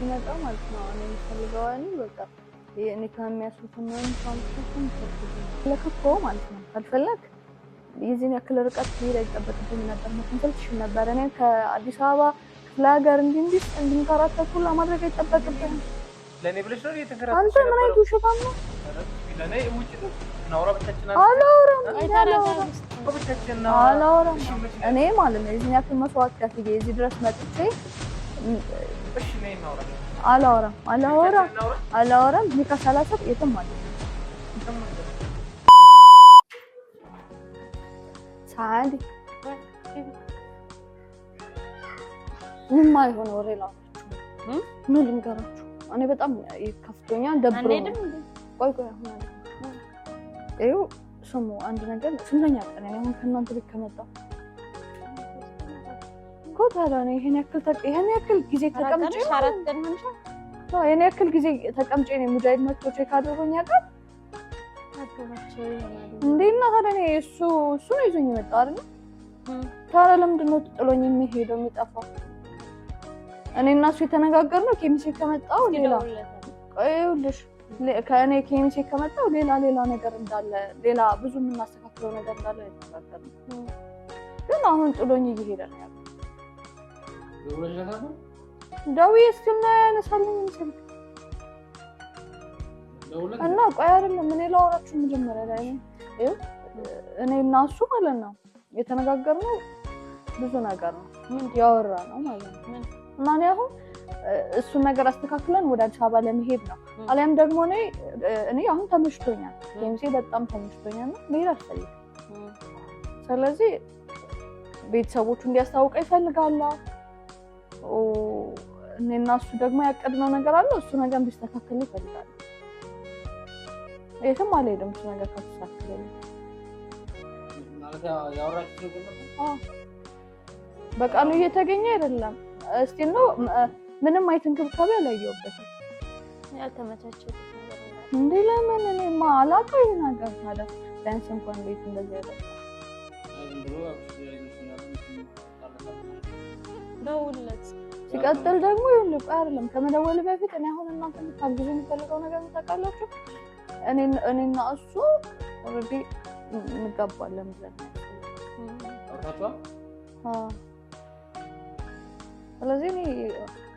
ሲመጣ ማለት ነው አሁን የሚፈልገው እኔ በቃ እኔ ከሚያስቡትን ምናምን ሳምስቱን ለከኮ ማለት ነው ካልፈለግ የዚህን ያክል ርቀት ሄድ አይጠበቅብኝ ነበር። ምክንያቱም ትሽ ነበር እኔ ከአዲስ አበባ ክፍለ ሀገር እንዲህ እንዲህ እንድንከራተት ሁላ ማድረግ አይጠበቅብኝ። ለእኔ ብለሽ ነው እየተከራተሽ አንተ ምን አይነት ውሸታም ነው። አላወራም አላወራም እኔ ማለት ነው የዚህን ያክል መስዋዕት ከፍዬ የዚህ ድረስ መጥቼ አላወራም አላወራም አላወራም። ኒካ ሳላሰብ የትም አለ ሳዲ ምንም አይሆን ወሬ ነው። ምን ልንገራችሁ፣ እኔ በጣም ከፍቶኛል፣ ደብሮ ቆይ ቆይ ይኸው ስሙ አንድ ነገር ስንተኛ ቀን አሁን ከእናንተ ቤት ከመጣሁ እኮ ታዲያ ነው ይሄን ያክል ይሄን ያክል ጊዜ ተቀምጬ ይሄን ያክል ጊዜ ተቀምጬ ነው የሙጃሂድ መጥቶ ቼክ አድርጎኝ ያውቃል እንዴ? እና ታዲያ እኔ እሱ እሱ ነው ይዞኝ የመጣው አይደል? ታዲያ ለምንድን ነው ጥሎኝ የሚሄደው የሚጠፋው? እኔ እና እሱ የተነጋገርነው ኬሚሴ ከመጣው ሌላ ይኸውልሽ፣ ከእኔ ኬሚሴ ከመጣው ሌላ ሌላ ነገር እንዳለ ሌላ ብዙ የምናስተካክለው ነገር እንዳለ የተነጋገርነው ግን አሁን ጥሎኝ እየሄደ ነው ያለው ደውዬ እስኪና ያነሳልኝ ምስል እና ቆይ አይደለም እኔ ላወራችሁ መጀመሪያ ላይ እኔ እና እሱ ማለት ነው የተነጋገርነው ብዙ ነገር ነው ያወራ ነው ማለት ነው እና እኔ አሁን እሱን ነገር አስተካክለን ወደ አዲስ አበባ ለመሄድ ነው። አሊያም ደግሞ እኔ እኔ አሁን ተመችቶኛል፣ ጌምሴ በጣም ተመችቶኛል ነው መሄድ አልፈልግም። ስለዚህ ቤተሰቦቹ እንዲያስታውቀ ይፈልጋለሁ እኔና እሱ ደግሞ ያቀድነው ነገር አለ። እሱ ነገር እንዲስተካከል ይፈልጋል። የትም አልሄድም። እሱ ነገር ካልተስተካከለ በቃሉ እየተገኘ አይደለም። እስቲ ነው ምንም አይነት እንክብካቤ አላየሁበትም። ያልተመቻቸው እንዴ? ለምን እኔ ማላቀ ይሄ ነገር ታዲያ ቢያንስ እንኳን ቤት እንደዚህ ያደርጋል? ደውል ሲቀጥል ደግሞ ይኸውልህ፣ ቆይ አይደለም ከመደወል በፊት እኔ አሁን እናንተ እንድታግዙ የሚፈልገው ነገር ታውቃላችሁ። እኔና እሱ ኦልሬዲ እንጋባለን ብለን ስለዚህ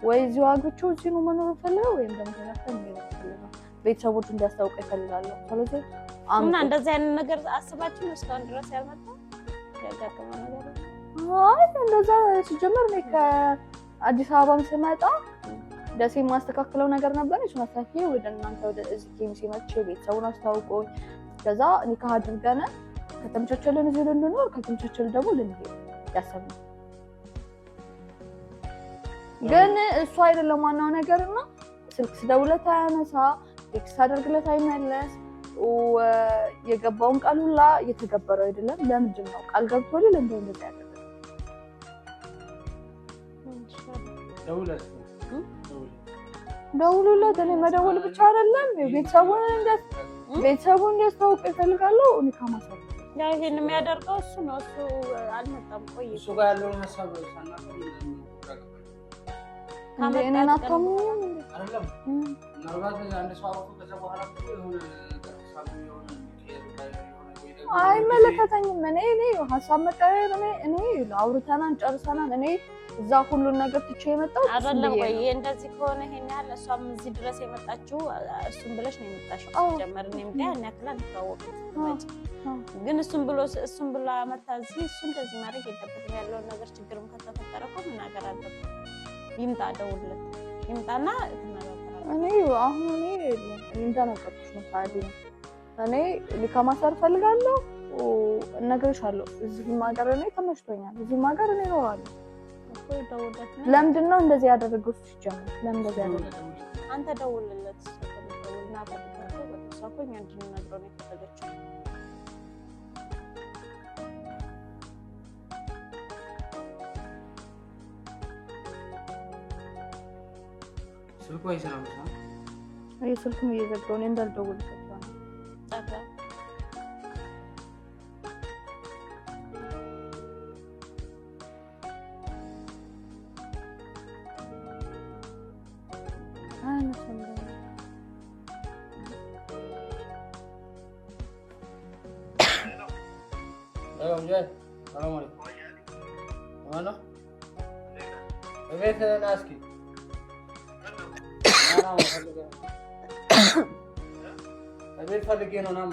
ወይ እዚሁ አግብቼው እዚህ ነው መኖር እፈልገው ወይም ደግሞ ተነፍተን መሄድ እፈልገው ቤተሰቦች እንዲያስታውቅ ይፈልጋለሁ። ስለዚህ እና እንደዚህ አይነት ነገር አስባችሁ ነው እስካሁን ድረስ ያልመጣ ያጋጠመ ነገር? አይ እንደዛ ሲጀመር እኔ አዲስ አበባም ስመጣ ደሴ የማስተካክለው ነገር ነበር። እሱ መሳኪ ወደ እናንተ ወደ እዚህም ሲመች ቤተሰቡን አስታውቆኝ ከዛ ኒካህ አድርገን ከተመቻቸልን እዚህ ልንኖር ከተመቻቸል ደግሞ ልንሄድ ያሰብነው ግን እሱ አይደለም ዋናው ነገር እና ስልክ ስደውለት አያነሳ፣ ቴክስት አደርግለት አይመለስ፣ የገባውን ቃል ሁላ እየተገበረው አይደለም። ለምንድን ነው ቃል ገብቶልል እንዲህ እንደዚህ ደውሉለት። እኔ መደወል ብቻ አይደለም ቤተሰቡን እንደት ቤተሰቡን እንዲያስተዋውቅ ይፈልጋለሁ። እኔ ከማሰብ ያው ይሄን የሚያደርገው እሱ ነው። እሱ አልመጣም፣ ቆይ እሱ ጋር ያለውን ሀሳብ አይመለከተኝም። እኔ እኔ ሀሳብ መቀየር እኔ እኔ አውርተናን ጨርሰናን እኔ እዛ ሁሉን ነገር ትቼ የመጣው አይደለም ወይ? ይሄ እንደዚህ ከሆነ ይሄን ያህል እሷም እዚህ ድረስ የመጣችው እሱም ብለሽ ነው የመጣችው። ጀመር እኔም ጋር ያን ያክል አንተዋወቅም፣ ግን እሱም ብሎ እሱም ብላ አመታ እዚህ እሱ እንደዚህ ማድረግ የለበትም። ያለውን ነገር ችግርም ከተፈጠረ እኮ ምን ነገር አለበት? ይምጣ፣ ደውልለት፣ ይምጣና እኔ አሁን እኔ እንደነገርኩሽ ነው ሳዲ እኔ ሊከማሰር ፈልጋለሁ፣ እነግርሻለሁ። እዚህም ሀገር እኔ ተመችቶኛል፣ እዚህም ሀገር እኔ እኖራለሁ ለምንድን ነው እንደዚህ ያደረገው? ሲጀምር ለምን እንደዚህ አንተ ደውልለት ስልኩ አይሰራም። ስልኩም እየዘጋው እኔ እንዳልደውልለት እቤት ፈልጌ ነው ናም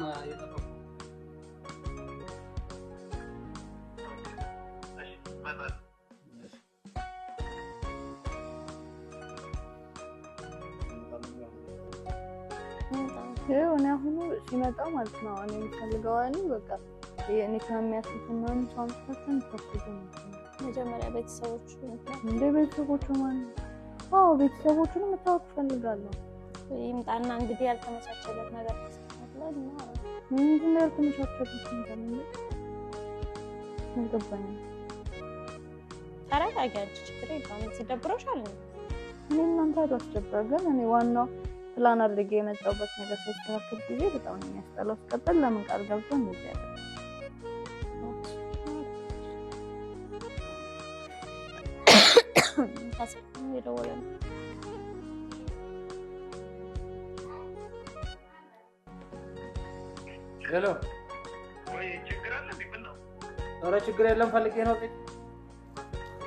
የሆነ አሁኑ ሲመጣ ማለት ነው እኔ የምፈልገው በቃ እኔ ከሚያስቡት ምናምን ሰው አምጥታችሁ የምታስቡት መጀመሪያ ቤተሰቦቹ እንደ ቤተሰቦቹ ማለት ቤተሰቦቹን የምታወቅ እፈልጋለሁ። ይምጣና እንግዲህ ያልተመቻቸለት ነገር ተስተካክለን እና ምንድን ነው ያልተመቻቸለት እንደምን እንገባኝ ታዲያ ታውቂያለሽ። ችግር የለውም። ሲደብሮሻል እኔ እናንተ አላስቸግር ግን እኔ ዋናው ፕላን አድርጌ የመጣሁበት ነገር ሳይስተካከል ጊዜ በጣም ነው የሚያስጠላው። ሲቀጥል ለምን ቃል ገብቶ እንደዚህ ያለ ታስብ የደወለ ነው ሄሎ፣ ኧረ ችግር የለም ፈልጌ ነው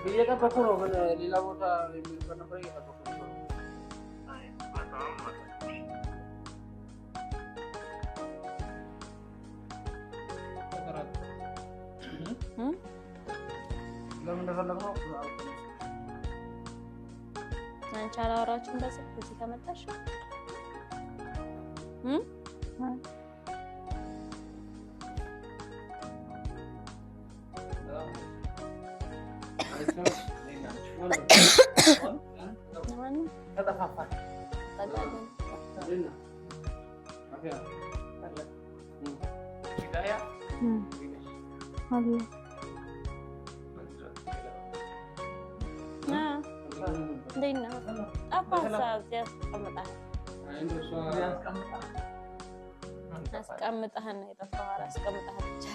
እየጠበኩህ ነው። ግን ሌላ ቦታ የሚልበት ነበር እየጠበኩህ ነው። ለምን እንደፈለግነው አንቺ አላወራችሁም በዚህ ከመጣሽ አሉ። እንዴት ነው? ጠፋህ? እዚህ አስቀምጠህ አስቀምጠህ ነው የጠፋህ? ኧረ አስቀምጠህ ብቻ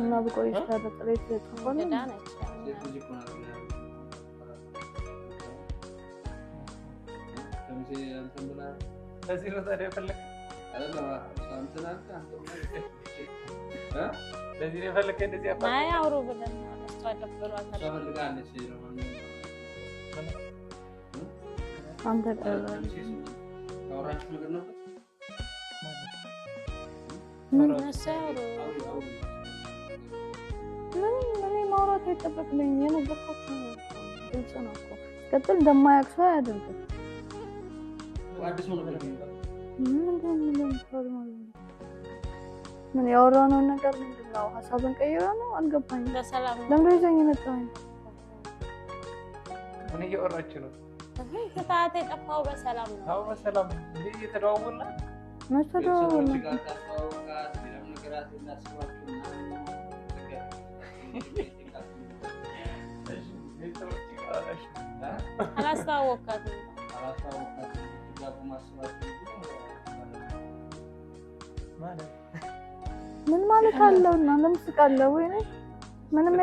እና ብቆይሽ ሚዜ እንትን ብላ ምን ማውራት ግልጽ ነው እኮ። አያደርግም። ምን ያወራነውን ነገር ምንድን ነው? ሀሳብን ቀይረ ነው አልገባኝም። ለምንድን ነው ይዘኝ ምን እያወራች ነው? ከሰዓት የጠፋው በሰላም ነው። በሰላም እየተደዋወልን መች ተደዋወልን? አላስተዋወቅካትም ምን ማለት አለው እና ምን ስቃለው? ወይኔ ምንም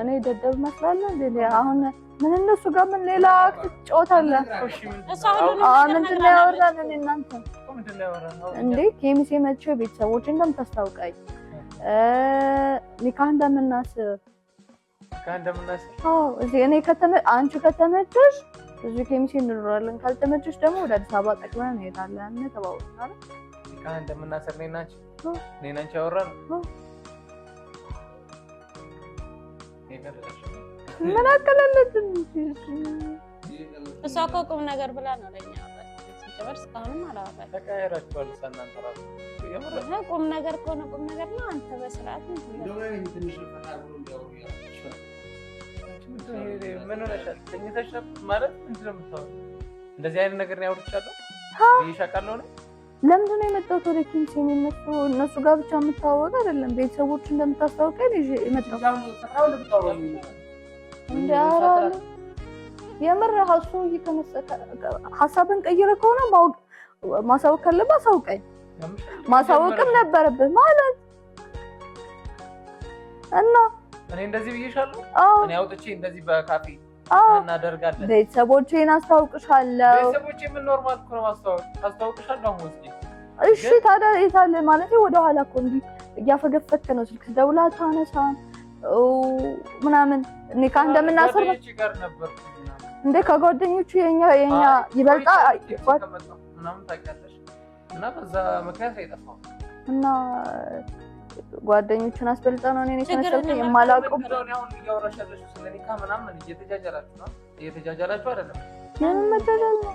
እኔ ደደብ መስላለሁ እንዴ? አሁን ምን እነሱ ጋር ምን ሌላ ጨዋታ አለ? ምንድን ነው ያወራን እናንተ እንዴ ኬሚሴ መቼ ቤተሰቦች እንደምታስታውቀኝ ኒካህ እንደምናስብ እኔ አንቺ ከተመቸሽ እዚሁ ኬሚሴ እንኖራለን፣ ካልተመቸሽ ደግሞ ወደ አዲስ አበባ ጠቅለን እንሄዳለን። ተባውታል ኒካህ እንደምናስብ እኔ እና አንቺ አወራን። ምን አቀለለትን እሷ እኮ ቁም ነገር ብላ ነው ለኛ ሲጀመር እስካሁንም አላወራኝም። ተቀያየራችኋል? እናንተ ራሱ ቁም ነገር ከሆነ ቁም ነገር ነው። አንተ በስርዓት ምን ሆነሻል? ተኝተሽ ማለት ምንድን ነው የምታወራው? እንደዚህ አይነት ነገር ያውርቻለሁ ይሻቃለሁ ነ ለምንድን ነው የመጣሁት? ወደ የሚመጡ እነሱ ጋር ብቻ የምታወቅ አይደለም። ቤተሰቦች እንደምታስታውቀን ይዤ የመጣሁት የምር ሀሱ ሀሳብን ቀይረ ከሆነ ማሳወቅ ካለብህ አሳውቀኝ። ማሳወቅም ነበረብህ ማለት እና እኔ እንደዚህ ብዬሻለሁ። እኔ አውጥቼ እንደዚህ በካፌ እናደርጋለን። ቤተሰቦቼን አስታውቅሻለሁ። ቤተሰቦቼ ምን ኖርማል እኮ ነው አስታውቅሻለሁ። አሁን እሺ፣ ታዲያ የታለ ማለት ወደኋላ እኮ እንዲህ እያፈገፈክ ነው። ስልክ ደውላ ታነሳ ምናምን እኔ ከአንተ እንደምናሰር ነበር እንደ ከጓደኞቹ የኛ የኛ ይበልጣ እና ምክንያት ጓደኞቹን አስበልጠ ነው እኔ የተነሳሁት። የማላውቀው አይደለም። ምንም መጃጃል ነው።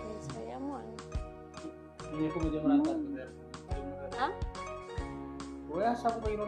ወይ ነው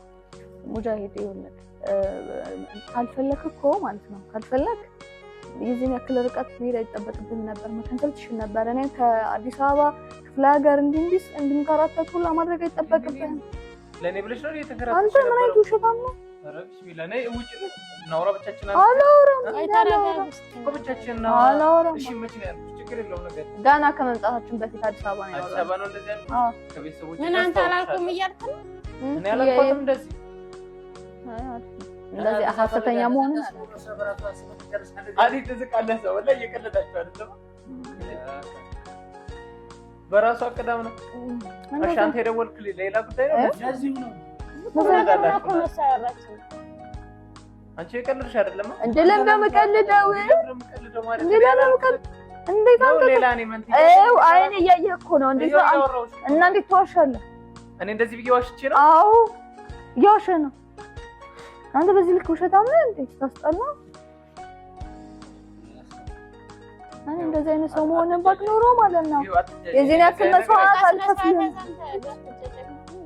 ሙጃሂድ ይኸውልህ፣ ካልፈለክ እኮ ማለት ነው ካልፈለክ የዚህን ያክል ርቀት መሄድ አይጠበቅብን ነበር፣ መከንሰል ትችል ነበር። እኔ ከአዲስ አበባ ክፍለ ሀገር እንዲንዲስ እንድንከራተት ሁላ ማድረግ አይጠበቅብን። አንተ ምን አይነት ውሸታም ነው! ገና ከመምጣታችን በፊት አዲስ አበባ ነው ያለው። ምን አንተ አላልኩም እያልክ ነው? እኔ አላልኳትም እንደዚህ እንደዚህ ሀሰተኛ መሆኑ አዴት ትዝቃለህ። ሰው ላይ እየቀለዳችሁ አይደለም። በራሱ ቅዳም ነው። አሻንተ የደወልክልኝ ሌላ ጉዳይ ነው። አንቺ የቀልድሽ አይደለም እንዴ? ለምን እንዴ? ነው የምቀልደው? እንዴት ነው ሌላ ነው መንት አይው አይን እያየህ እኮ ነው። እንዴት ነው እና እንዴት ትዋሻለህ? እኔ እንደዚህ ብዬ ዋሽቼ ነው? አዎ እየዋሸህ ነው አንተ በዚህ ልክ ውሸታም ነህ እንዴ? ታስጠላ። እኔ እንደዚህ አይነት ሰው መሆን ኖሮ ማለት ነው የዚህን ያክል መስዋዕት አልከፍልም።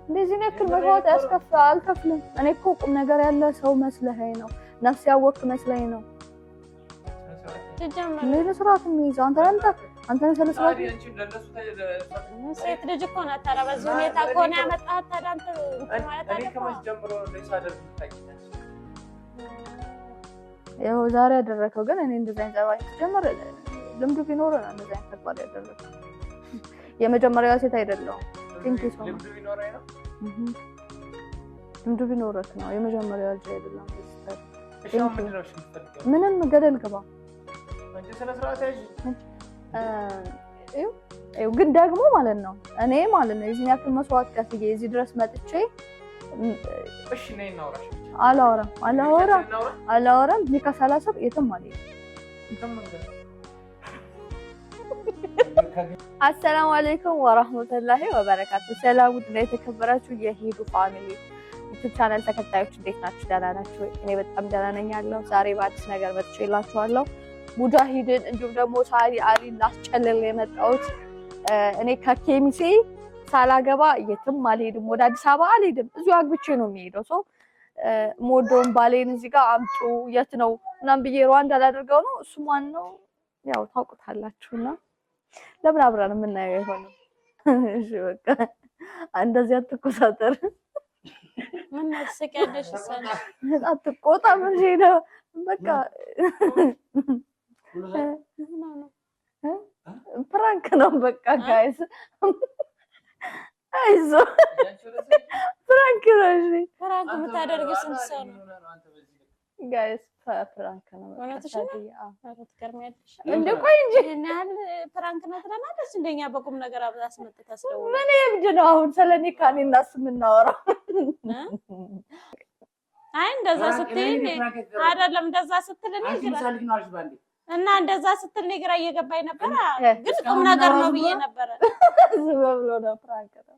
እንደዚህ ያክል መስዋዕት ያስከፍል አልከፍልም። እኔ እኮ ቁም ነገር ያለ ሰው መስለኸኝ ነው፣ ነፍስ ያወቅክ መስለኝ ነው። ምን ስርዓት የሚይዘው አንተ አንተ አንተ ነህ ስለ ስርዓት ሴት ልጅ እኮ ናት። ኧረ በዚህ ሁኔታ ከሆነ ያመጣሃት ታዲያ አንተ ማለት አለ ይኸው ዛሬ ያደረከው ግን እኔ እንደዛ አይነት ጸባይ ጀመር ልምዱ ቢኖር ነው እንደዛ አይነት ተግባር ያደረገው። የመጀመሪያው ሴት አይደለሁም። ቴንክ ዩ ሶ ማች ልምዱ ቢኖረት ነው የመጀመሪያው ልጅ አይደለም። ምንም ገደል ግባ ግን ደግሞ ማለት ነው እኔ ማለት ነው የዚህን ያክል መስዋዕት ከፍዬ እዚህ ድረስ መጥቼ እሺ ነይ እናውራሽ አላወራም አላወራም አላወራም። ኒካ ሳላሰብ የትም ማለት አሰላሙ አለይኩም ወራህመቱላሂ ወበረካቱ። ሰላም ውድና የተከበራችሁ የሂዱ ፋሚሊ ዩቲዩብ ቻናል ተከታዮች እንዴት ናችሁ? ደህና ናችሁ? እኔ በጣም ደህና ነኝ ያለው ዛሬ በአዲስ ነገር መጥቼላችኋለሁ። ሙጃሂድን እንዲሁም ደግሞ ሳሪ አሊ ላስጨልል የመጣሁት እኔ ከኬሚሴ ሳላገባ የትም አልሄድም፣ ወደ አዲስ አበባ አልሄድም። እዚሁ አግብቼ ነው የሚሄደው ሰው ሞዶን ባሌን እዚህ ጋር አምጡ የት ነው ምናምን ብዬ ሩዋንዳ ላደርገው ነው። እሱ ማን ነው ያው ታውቁታላችሁ እና ለምን አብረን የምናየው የሆነ እሺ በቃ እንደዚህ አትቆሳጠር ምን አትስቂያለሽ? ነው በቃ ፕራንክ ነው በቃ ጋይስ አይዞ ፍራንክ ነው። ፍራንክ የምታደርግ ስንት ሰው ነው? ጋይስ ፍራንክ ነው። እንደ ቆይ እንጂ ፍራንክ ነው ትለናለች። እንደኛ በቁም ነገር አብዛስ መጥተስ ምን እብድ ነው አሁን ስለኔ እኔ ካኔ እና የምናወራው። አይ እንደዛ ስትል አይደለም፣ እንደዛ ስትል እና እንደዛ ስትል ግራ እየገባኝ ነበረ፣ ግን ቁም ነገር ነው ብዬ ነበረ። ዝም ብሎ ነው ፍራንክ ነው